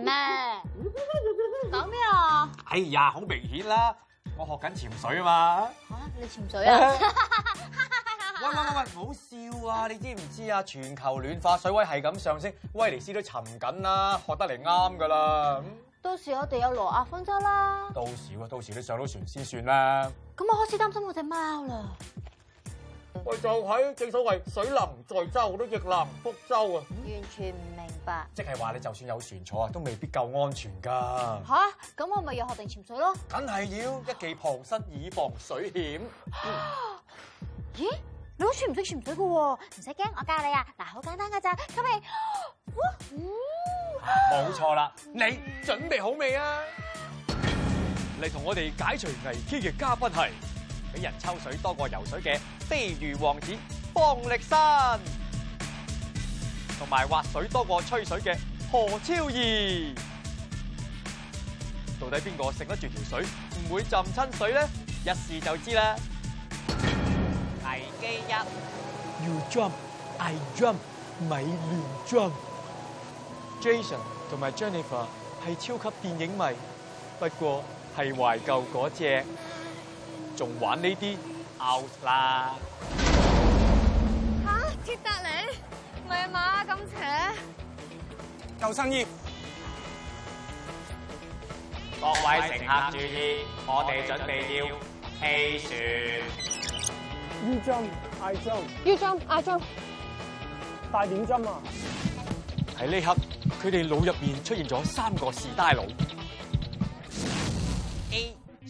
咩？講咩啊？哎呀，好明顯啦，我學緊潛水啊嘛。好、啊，你潛水啊？喂 喂喂，唔好笑啊！你知唔知啊？全球暖化，水位係咁上升，威尼斯都沉緊啦，學得嚟啱噶啦。到時我哋有羅亞方舟啦。到時啊，到時你上到船先算啦。咁我開始擔心我隻貓啦。喂，就喺正所謂水能載舟，都亦能覆舟啊！完全唔明白。即係話你就算有船坐，都未必夠安全噶。吓、啊，咁我咪要學定潛水咯？梗係要，一技傍身以防水險。咦、嗯啊，你好似唔識潛水噶、啊？唔使驚，我教你啊！嗱、啊，好簡單噶咋，咁、啊啊啊、你，冇錯啦，你準備好未啊？嚟、嗯、同我哋解除危機嘅嘉賓係俾人抽水多過游水嘅飛魚王子方力申，同埋滑水多過吹水嘅何超儀，到底邊個食得住條水唔會浸親水咧？一試就知啦！危機一，You jump，I jump，咪亂 jump。Jason 同埋 Jennifer 係超級電影迷，不過係懷舊嗰隻。仲玩呢啲 out 啦！嚇，鐵達尼，唔係馬咁斜，救生衣。各位乘客注意，我哋準備要棄船。U jump、I jump、U jump、I jump，大點 jump 啊！喺呢刻，佢哋腦入邊出現咗三個士大佬。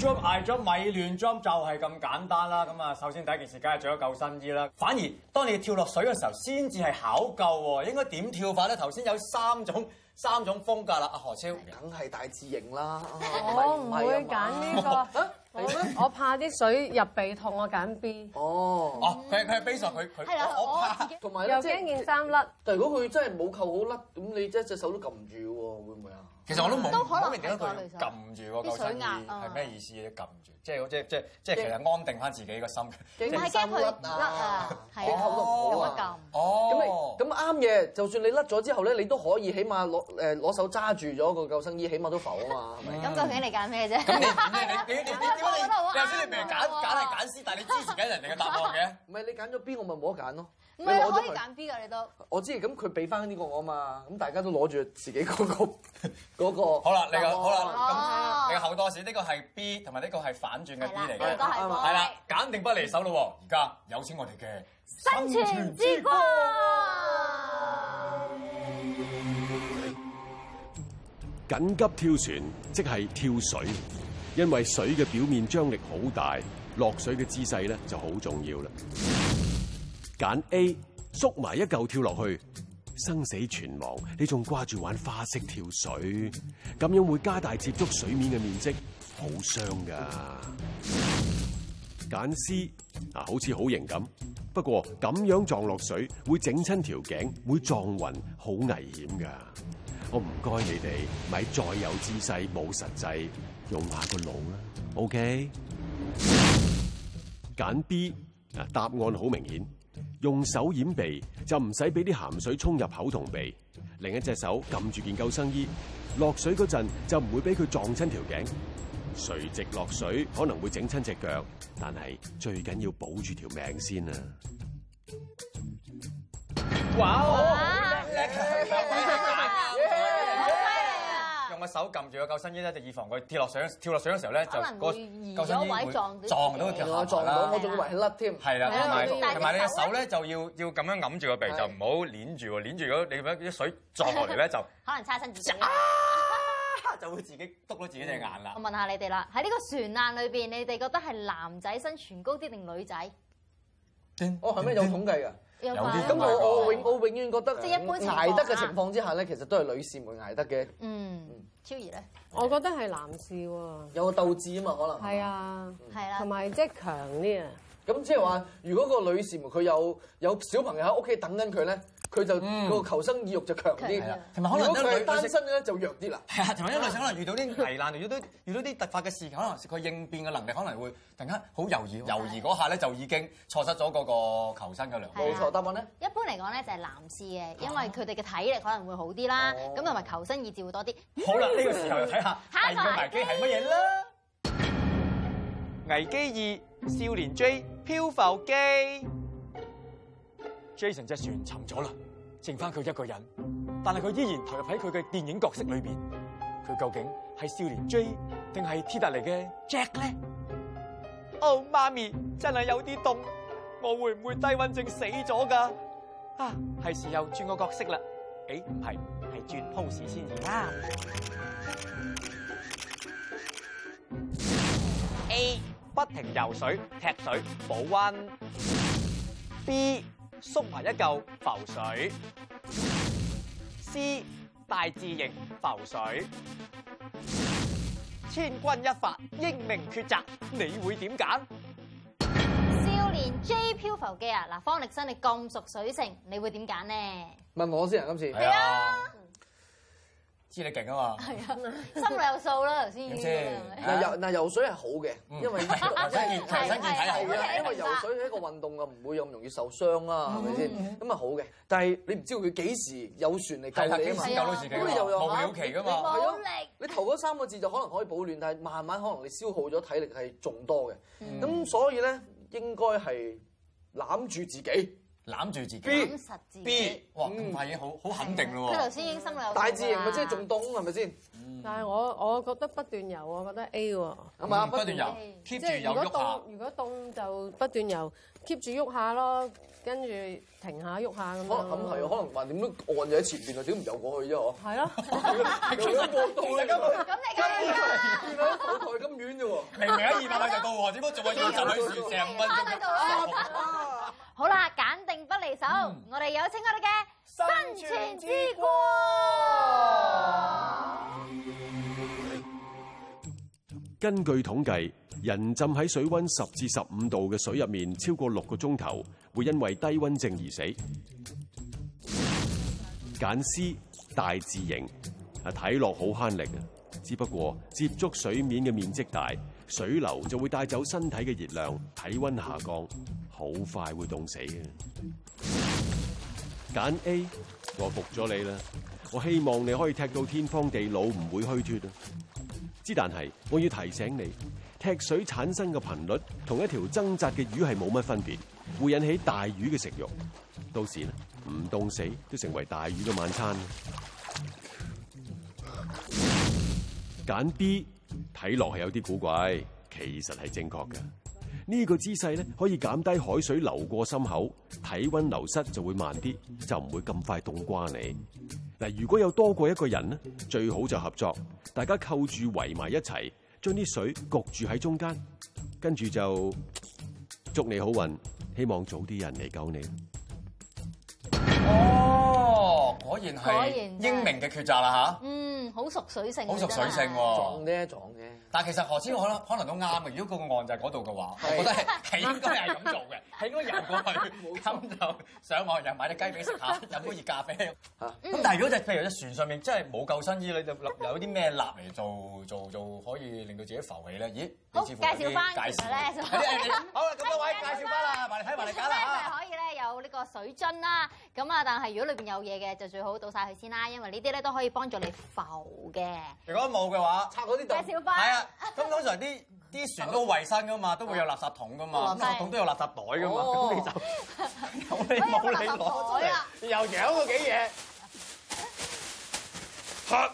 I jump 咪亂 jump 就係咁簡單啦，咁啊首先第一件事梗係着咗救生衣啦。反而當你跳落水嘅時候，先至係考究喎，應該點跳法咧？頭先有三種，三種風格啦。阿何超梗係大字型啦。我唔會揀呢個，我怕啲水入鼻痛，我揀 B。哦，哦，佢佢係 basic 佢佢，我怕同埋咧又驚件衫甩。但如果佢真係冇扣好甩，咁你一隻手都撳唔住喎，會唔會啊？其實我都冇，都可能點解佢撳住個救生衣係咩意思咧？撳住，即係即即即其實安定翻自己個心。唔係驚佢甩啊，驚扣唔到啊一。哦，咁咪咁啱嘢。就算你甩咗之後咧，你都可以起碼攞誒攞手揸住咗個救生衣，起碼都浮啊嘛，係咪、嗯？咁、嗯、究竟你揀咩啫？咁你點咧？你你你你點解你頭先你明明你揀揀係揀 C，但係你支持緊人哋嘅答案嘅？唔係你揀咗 B，我咪冇得揀咯。唔係啊，我都係揀 B 㗎，你都。我知，咁佢俾翻呢個我嘛？咁大家都攞住自己嗰嗰、那個好啦，你個好啦，你、哦、後多士呢個係 B，同埋呢個係反轉嘅 B 嚟嘅，都係啦，揀定不離手咯喎，而家有請我哋嘅生存之光，之緊急跳船即係跳水，因為水嘅表面張力好大，落水嘅姿勢咧就好重要啦。揀 A 縮埋一嚿跳落去。生死存亡，你仲掛住玩花式跳水，咁樣會加大接觸水面嘅面積，傷 C，好傷噶。揀 C 啊，好似好型咁，不過咁樣撞落水會整親條頸，會撞暈，好危險噶。我唔該你哋，咪再有姿勢冇實際，用下個腦啦。OK，揀 B 啊，答案好明顯。用手掩鼻就唔使俾啲鹹水沖入口同鼻，另一隻手撳住件救生衣，落水嗰陣就唔會俾佢撞親條頸。垂直落水可能會整親隻腳，但係最緊要保住條命先啊！哇、哦啊啊耶耶耶耶耶耶手撳住個救生衣咧，就以防佢跳落水。跳落水嘅時候咧，就個救生衣會撞到跌撞到，撞到我，我仲以為遺甩添。係啦，同埋你隻手咧就要要咁樣揞住個鼻，就唔好攆住喎。攆住如果你啲水撞落嚟咧，就 可能擦親。啊！ 就會自己篤到自己隻眼啦、嗯。我問下你哋啦，喺呢個船難裏邊，你哋覺得係男仔生存高啲定女仔？我係咩有統計㗎？叮叮有咁我我永我永遠覺得，即係一般捱得嘅情況之下咧，其實都係女士們捱得嘅、嗯。嗯，超儀咧，我覺得係男士喎，有個鬥志啊嘛，可能係啊，係啦，同埋即係強啲啊。咁即係話，如果個女士們佢有有小朋友喺屋企等緊佢咧，佢就個求生意欲就強啲啦，同埋可能咧，女單身咧就弱啲啦，係啊，同埋因為女性可能遇到啲危難，遇到啲遇到啲突發嘅事情，可能佢應變嘅能力可能會突然間好猶豫，猶豫嗰下咧，就已經錯失咗嗰個求生嘅良機。冇錯，答案咧一般嚟講咧就係男士嘅，因為佢哋嘅體力可能會好啲啦，咁同埋求生意志會多啲。好啦，呢個時候又睇下危機，危機係乜嘢啦？危機二少年追漂浮機。Jason 隻船沉咗啦，剩翻佢一個人，但係佢依然投入喺佢嘅電影角色裏邊。佢究竟係少年 J 定係鐵達尼嘅 Jack 咧？哦，媽咪，真係有啲凍，我會唔會低溫症死咗噶？啊，係時候轉個角色啦？誒、欸，唔係，係轉 pose 先而家。A 不停游水、踢水保溫。B 縮埋一嚿浮水，C 大字型浮水，千鈞一髮，英明抉擇，你會點揀？少年 J 漂浮機啊！嗱，方力申你咁熟水性，你會點揀呢？問我先啊，今次係啊。智力勁啊嘛，係啊，心裏有數啦頭先。唔嗱遊嗱游水係好嘅，嗯，因為或者健體係因為游水係一個運動啊，唔會咁容易受傷啊，係咪先？咁啊好嘅，但係你唔知道佢幾時有船嚟救你，係啊，救到自己。因為又有秒期噶嘛，你頭嗰三個字就可能可以保暖，但係慢慢可能你消耗咗體力係仲多嘅。咁，嗯嗯，所以咧，應該係攬住自己。攬住自己，攬實自己。B，哇，咁塊嘢好好肯定咯喎。佢頭先已經心裏頭大字型，咪即係仲凍係咪先？但係我我覺得不斷遊，我覺得 A 喎，唔係不斷遊，keep 住有喐下。如果凍就不斷遊，keep 住喐下咯，跟住停下喐下咁咯。咁係啊？可能話點都按住喺前邊啊？點唔遊過去啫？嗬。係咯。咁都冇道理㗎嘛？咁你梗係啦。好耐咁遠啫喎！明明二百米就到岸，點解仲要站喺樹上問咁多？好啦，揀。嚟、嗯、我哋有請我哋嘅生存之道。根據統計，人浸喺水溫十至十五度嘅水入面超過六個鐘頭，會因為低溫症而死。簡屍大字形，啊，睇落好慳力啊，只不過接觸水面嘅面積大。水流就會帶走身體嘅熱量，體温下降，好快會凍死嘅。揀 A，我服咗你啦。我希望你可以踢到天荒地老，唔會虛脫啊！之但係，我要提醒你，踢水產生嘅頻率，同一條掙扎嘅魚係冇乜分別，會引起大魚嘅食慾。到時呢，唔凍死都成為大魚嘅晚餐。揀 B。睇落係有啲古怪，其實係正確嘅。呢個姿勢咧，可以減低海水流過心口，體溫流失就會慢啲，就唔會咁快凍瓜你。嗱，如果有多過一個人咧，最好就合作，大家扣住圍埋一齊，將啲水焗住喺中間，跟住就祝你好運，希望早啲人嚟救你。哦，果然係英明嘅抉擇啦嚇。嗯，好熟水性，好熟水性，撞呢撞呢。撞呢但其實何止可能，可能都啱嘅。如果個案就係嗰度嘅話，是我覺得係應該係咁做嘅，係 應該游過去，咁就上岸又買啲雞髀食下，飲杯熱咖啡。咁、嗯、但係如果就係、譬如喺船上面，即係冇救生衣，你就立有啲咩物嚟做做做，做，做可以令到自己浮起咧？咦？你介紹翻介紹好啦，咁多位介紹啦，埋嚟睇埋嚟揀啦，可以咧，有呢個水樽啦，咁啊但係如果裏邊有嘢嘅，就最好倒晒佢先啦，因為呢啲咧都可以幫助你浮嘅。如果冇嘅話，拆嗰啲袋。介紹翻。咁通常啲啲船都衛生㗎嘛，都會有垃圾桶㗎嘛，垃圾桶都有垃圾袋㗎嘛，咁、哦、你就冇 你冇你袋，又養嗰幾嘢，嚇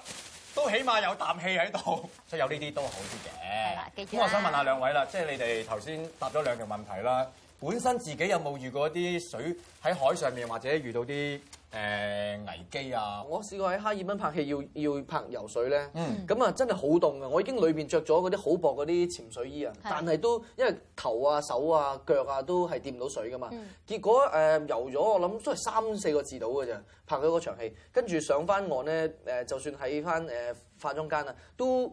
都起碼有啖氣喺度，所以有呢啲都好啲嘅。咁我想問下兩位啦，即、就、係、是、你哋頭先答咗兩條問題啦，本身自己有冇遇過啲水喺海上面，或者遇到啲？誒危機啊！我試過喺哈爾濱拍戲要，要要拍游水咧，咁、嗯、啊真係好凍啊。我已經裏邊着咗嗰啲好薄嗰啲潛水衣啊，是但係都因為頭啊、手啊、腳啊都係掂唔到水噶嘛。嗯、結果誒游咗，我諗都係三四個字到嘅啫，拍咗嗰場戲。跟住上翻岸咧，誒就算喺翻誒化妝間啊，都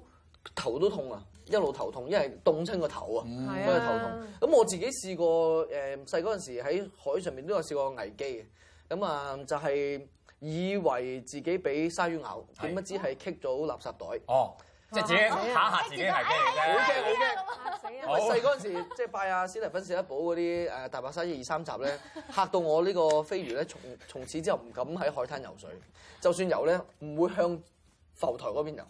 頭都痛啊，一路頭痛，因為凍親、嗯、個頭啊，咁啊頭痛。咁我自己試過誒細嗰陣時喺海上面都有試過危機嘅。咁啊，就係以為自己俾鯊魚咬，點不知係棘咗垃圾袋。哦，即係自己嚇嚇自己係咩啫？好嘅，好 嘅。我細嗰陣時即係拜阿史蒂芬史匹堡嗰啲誒大白鯊一二三集咧，嚇到我呢個飛魚咧，從從此之後唔敢喺海灘游水，就算游咧唔會向浮台嗰邊游，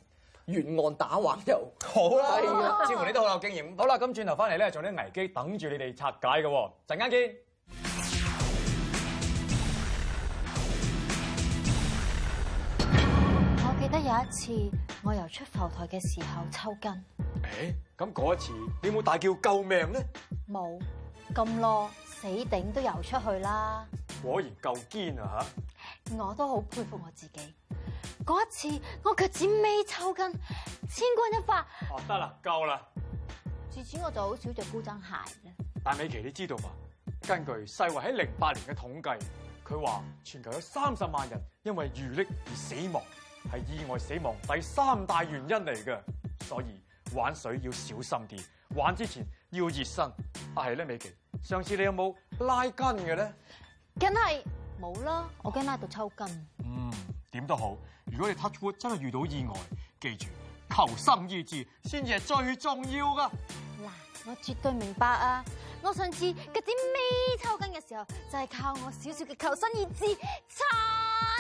沿岸打橫，橫游。好啦、啊啊，似乎你都好有經驗。好啦、啊，咁轉頭翻嚟咧，仲有啲危機等住你哋拆解嘅，陣間見。有一次，我游出浮台嘅時候抽筋。誒、欸，咁嗰一次你冇大叫救命咧？冇，咁囉，死頂都游出去啦！果然夠堅啊！吓，我都好佩服我自己。嗰一次我腳趾尾抽筋，千鈞一髮。哦，得啦，夠啦。自此我就好少着高踭鞋啦。但美琪，你知道嘛？根據世衛喺零八年嘅統計，佢話全球有三十萬人因為遇溺而死亡。係意外死亡第三大原因嚟嘅，所以玩水要小心啲，玩之前要熱身。啊，係咧，美琪，上次你有冇拉筋嘅咧？梗係冇啦，我驚拉到抽筋。啊、嗯，點都好，如果你 touch wood 真係遇到意外，記住求生意志先至係最重要㗎。嗱，我絕對明白啊！我上次嗰啲未抽筋嘅時候，就係、是、靠我少少嘅求生意志撐。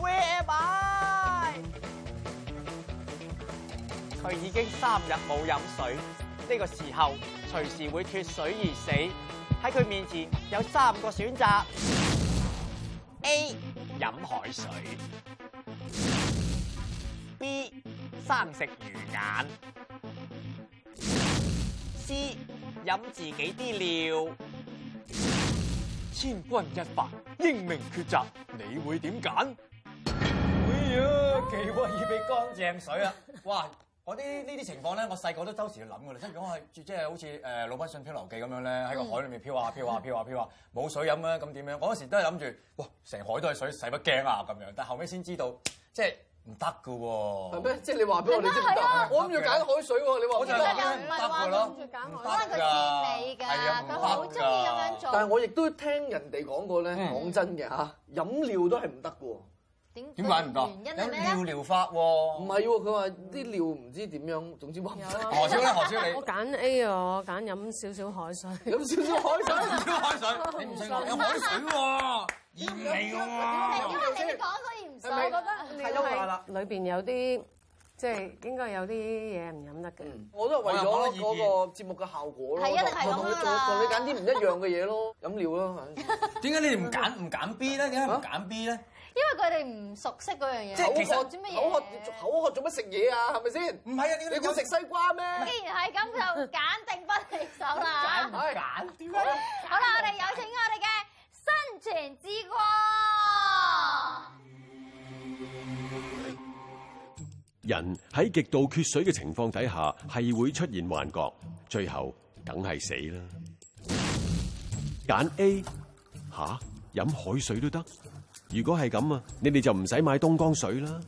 Where am I？佢已經三日冇飲水，呢個時候隨時會脫水而死。喺佢面前有三個選擇：A. 飲海水；B. 生食魚眼；C. 飲自己啲尿。千鈞一髮，英明抉擇，你會點揀？幾波要俾乾淨水啊！哇，我啲呢啲情況咧，我細個都周時諗㗎啦。即如果係即係好似《魯賓遜漂流記》咁樣咧，喺個海裏面漂啊漂啊漂啊漂啊，冇水飲咧，咁點樣？我嗰時都係諗住，哇，成海都係水，使乜驚啊咁樣？但後尾先知道，即係唔得㗎喎。即係你話俾我哋知，是不是你知不是不是我諗住揀海水喎、啊啊。你話我知唔得，唔係話諗住揀海水㗎、啊，係佢知味㗎。佢好中意咁樣做、啊。但係我亦都聽人哋講過咧，講、嗯、真嘅嚇，飲料都係唔得㗎喎。點解唔得？原因係咩啊？尿療法喎，唔係喎，佢話啲尿唔知點樣，總之話。何超咧？何超你？我揀 A 啊，我揀飲少少海水。飲少少海水，飲少少海水，你唔識喎，有海水喎，鹽味喎。係因為你講所以唔想，我覺得係因為裏邊有啲即係應該有啲嘢唔飲得嘅。我都係為咗嗰個節目嘅效果咯，係啊，你係咁噶啦。我會做你揀啲唔一樣嘅嘢咯，飲料啦。點解你哋唔揀唔揀 B 咧？點解唔揀 B 咧？因為佢哋唔熟悉嗰樣嘢，即係，口渴，口渴，口渴做乜食嘢啊？係咪先？唔係啊，你你講食西瓜咩？既然係咁，就揀，定不離手啦。揀唔可以咧？好啦，我哋有請我哋嘅生存之光。人喺極度缺水嘅情況底下，係會出現幻覺，最後梗係死啦。揀 A 吓、啊，飲海水都得。如果係咁啊，你哋就唔使買東江水啦。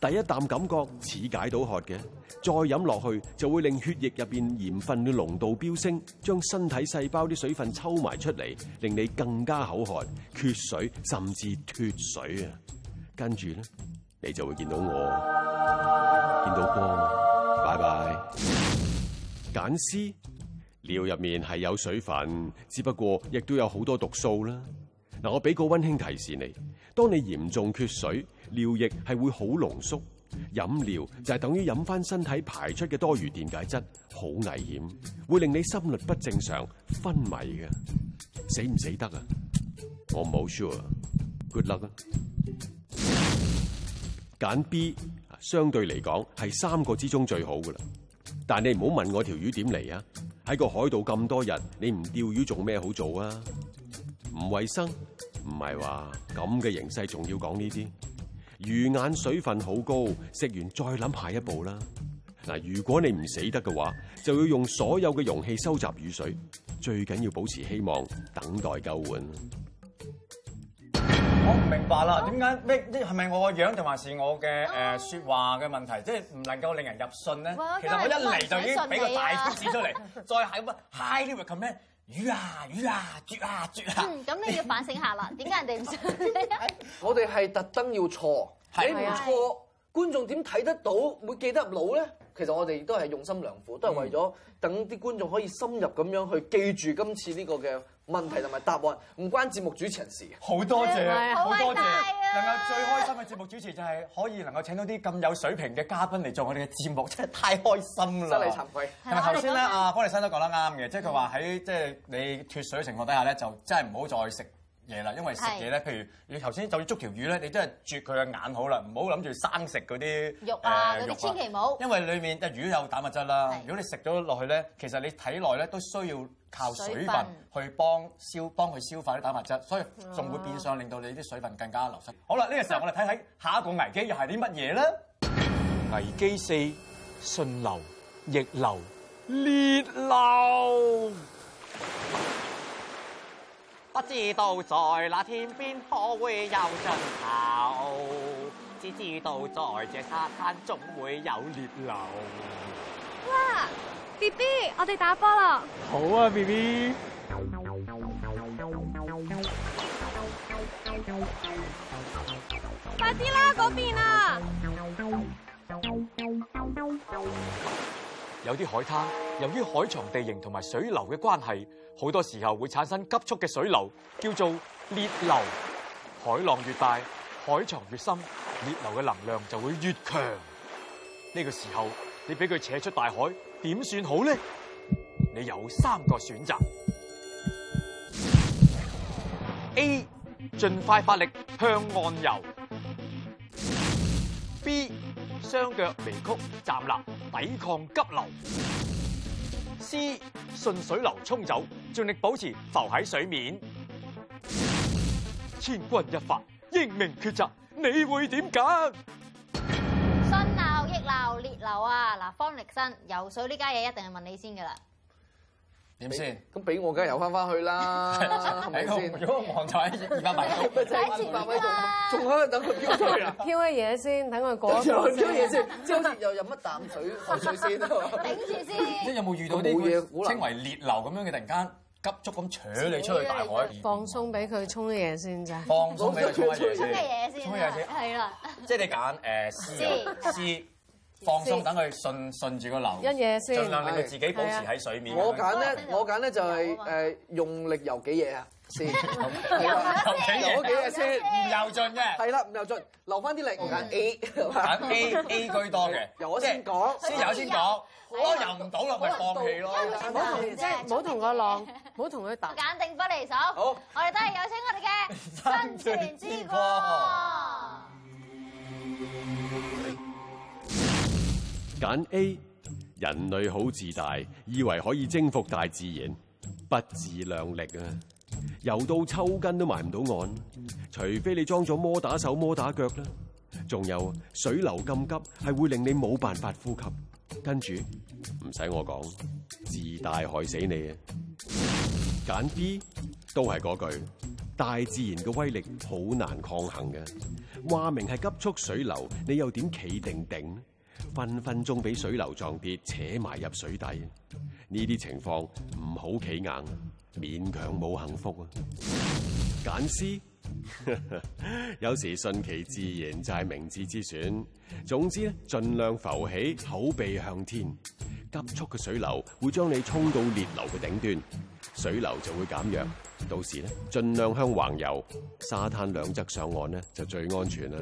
第一啖感覺似解到渴嘅，再飲落去就會令血液入邊鹽分嘅濃度飆升，將身體細胞啲水分抽埋出嚟，令你更加口渴、缺水，甚至脫水啊！跟住咧，你就會見到我，見到光，拜拜。簡析尿入面係有水分，只不過亦都有好多毒素啦。嗱，我俾個溫馨提示你：當你嚴重缺水，尿液係會好濃縮，飲尿就係等於飲翻身體排出嘅多餘電解質，好危險，會令你心率不正常、昏迷嘅，死唔死得啊？我唔好 sure 啊，good luck 啊！揀 B 相對嚟講係三個之中最好噶啦，但你唔好問我條魚點嚟啊！喺個海度咁多日，你唔釣魚做咩好做啊？唔衛生，唔係話咁嘅形勢，仲要講呢啲魚眼水分好高，食完再諗下一步啦。嗱，如果你唔死得嘅話，就要用所有嘅容器收集雨水，最緊要保持希望，等待救援。我唔明白啦，點解咩？係咪我個樣，定還是我嘅誒說話嘅問題，即係唔能夠令人入信呢？其實我一嚟，就已經俾個大貼紙出嚟，再係咁 highly recommend。魚啊魚啊，絕啊絕啊，啊！嗯，咁你要反省下啦，點 解人哋唔想？ 我哋係特登要錯，係，唔錯，觀眾點睇得到，會記得入腦咧？其實我哋亦都係用心良苦，都係為咗等啲觀眾可以深入咁樣去記住今次呢個嘅。問題同埋答案唔關節目主持人事嘅，好多謝，是是好多謝是是。能夠最開心嘅節目主持就係可以能夠請到啲咁有水平嘅嘉賓嚟做我哋嘅節目，真係太開心啦！真係慚愧。同埋頭先咧，阿方力申都講得啱嘅，即係佢話喺即係你脱水情況底下咧，就真係唔好再食嘢啦，因為食嘢咧，譬如你頭先就要捉條魚咧，你真係啜佢嘅眼好啦，唔好諗住生食嗰啲肉啊，嗰啲，千祈唔好。因為裡面嘅魚有蛋白質啦，如果你食咗落去咧，其實你體內咧都需要靠水分去幫消幫佢消化啲蛋白質，所以仲會變相令到你啲水分更加流失。好啦，呢個時候我哋睇睇下一個危機又係啲乜嘢咧？危機四，順流逆流，裂流。不知道在那天邊可會有盡頭，只知道在這沙灘總會有裂流。哇，B B，我哋打波啦。好啊，B B。快啲啦，嗰邊啊！有啲海灘，由於海床地形同埋水流嘅關係，好多時候會產生急速嘅水流，叫做裂流。海浪越大，海床越深，裂流嘅能量就會越強。呢個時候，你俾佢扯出大海，點算好呢？你有三個選擇：A. 盡快發力向岸游；B. 雙腳微曲站立。抵抗急流，C 順水流沖走，盡力保持浮喺水面。千鈞一發，英明抉擇，你會點揀？新鬧益鬧裂流啊！嗱，方力申游水呢家嘢，一定係問你先噶啦。點先？咁俾我梗係游返返去啦，係咪先？如果望在二百米，喺二百米度仲喺度等佢漂出去啊？漂嘅嘢先，等佢過咗。漂嘅嘢先，即係好似又飲乜淡水海水先，頂住先。即係有冇遇到啲嘢稱為裂流咁樣嘅，突然間急速咁搶你出去大海？放鬆俾佢衝啲嘢先啫。放鬆俾佢衝啲嘢先。衝啲嘢先。係啦。即係你揀誒絲絲。放鬆，等佢順順住個流，盡量令佢自己保持喺水面。我揀咧，我揀咧就係誒用力遊幾嘢啊，先遊多幾嘢先，唔遊盡嘅。係啦，唔遊盡，留翻啲力。揀 A，揀 A A 居多嘅。由我先講，先由先講。我遊唔到咪放棄咯，唔好同，即係唔好同個浪，唔好同佢打。我揀定不離手。好，我哋都係有請我哋嘅山水之光。揀 A，人類好自大，以為可以征服大自然，不自量力啊！游到抽筋都埋唔到岸，除非你裝咗摩打手、摩打腳啦、啊。仲有水流咁急，係會令你冇辦法呼吸。跟住唔使我講，自大害死你啊！揀 B 都係嗰句，大自然嘅威力好難抗衡嘅，話明係急速水流，你又點企定定？分分鐘俾水流撞跌，扯埋入水底。呢啲情況唔好企硬，勉強冇幸福啊！撿屍 有時順其自然就係、是、明智之選。總之咧，盡量浮起，口鼻向天。急速嘅水流會將你沖到裂流嘅頂端，水流就會減弱。到時咧，盡量向橫游，沙灘兩側上岸咧就最安全啦。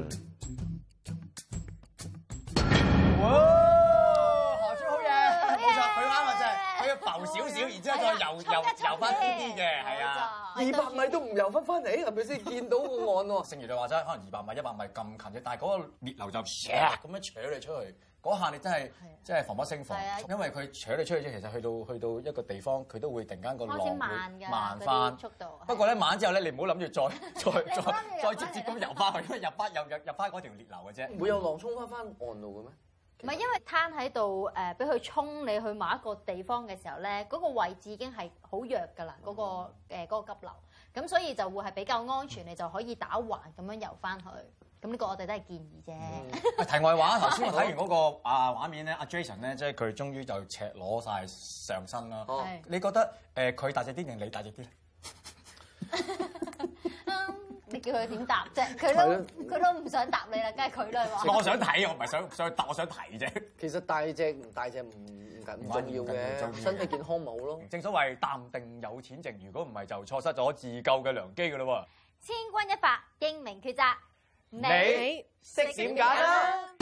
哦，何超好嘢，冇錯，佢啱啊，真係佢要浮少少，然之後再游、哎、游游翻啲啲嘅，係啊，二百米都唔游翻翻嚟，係咪先見到個岸喎？剩餘就話齋，可能二百米、一百米咁近啫，但係嗰、嗰個裂流就咁樣扯、yeah! 你出去，嗰下你真係真係防不勝防、啊，因為佢扯你出去啫。其實去到去到一個地方，佢都會突然間個浪會慢翻速，速度。不過咧、啊，慢之後咧，你唔好諗住再 再再再，再接、啊、直接咁游翻去，因為入翻入入入翻嗰條裂流嘅啫。會有浪沖翻翻岸度嘅咩？唔係因為攤喺度，誒俾佢衝你去某一個地方嘅時候咧，嗰、那個嗰個位置已經係好弱㗎啦，嗰、嗰個誒、呃嗰個、急流，咁所以就會係比較安全，你就可以打橫咁樣遊翻去。咁呢個我哋都係建議啫。嗯、 題外話，頭先我睇完嗰個啊畫面咧，阿 Jason 咧，即係佢終於就赤裸晒上身啦、哦。你覺得誒佢、呃、大隻啲定你大隻啲？ 你叫佢點答啫？佢都佢都唔想答你啦，梗係佢啦喎。我想睇 我唔係是想 想答，我想提啫。其實大隻唔大隻唔緊唔重要嘅，身體健康冇咯。正所謂淡定有錢剩，如果唔係就錯失咗自救嘅良機㗎啦喎。千鈞一髮，英明抉擇，你識點解啦？